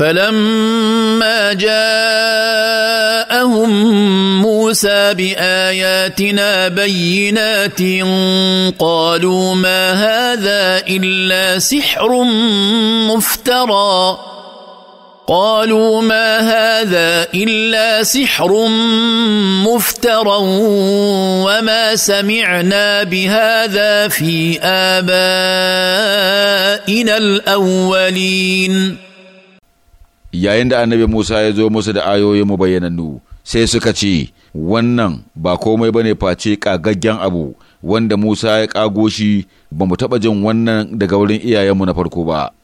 فلما جاءهم موسى باياتنا بينات قالوا ما هذا الا سحر مفترى قالوا ما هذا الا سحر مفترى وما سمعنا بهذا في ابائنا الاولين yayin da annabi Musa ya zo musu da ayoyin mu bayyanannu sai suka ce wannan ba komai bane face kagaggen abu wanda Musa ya kago shi ba mu taɓa jin wannan daga wurin iyayenmu na farko ba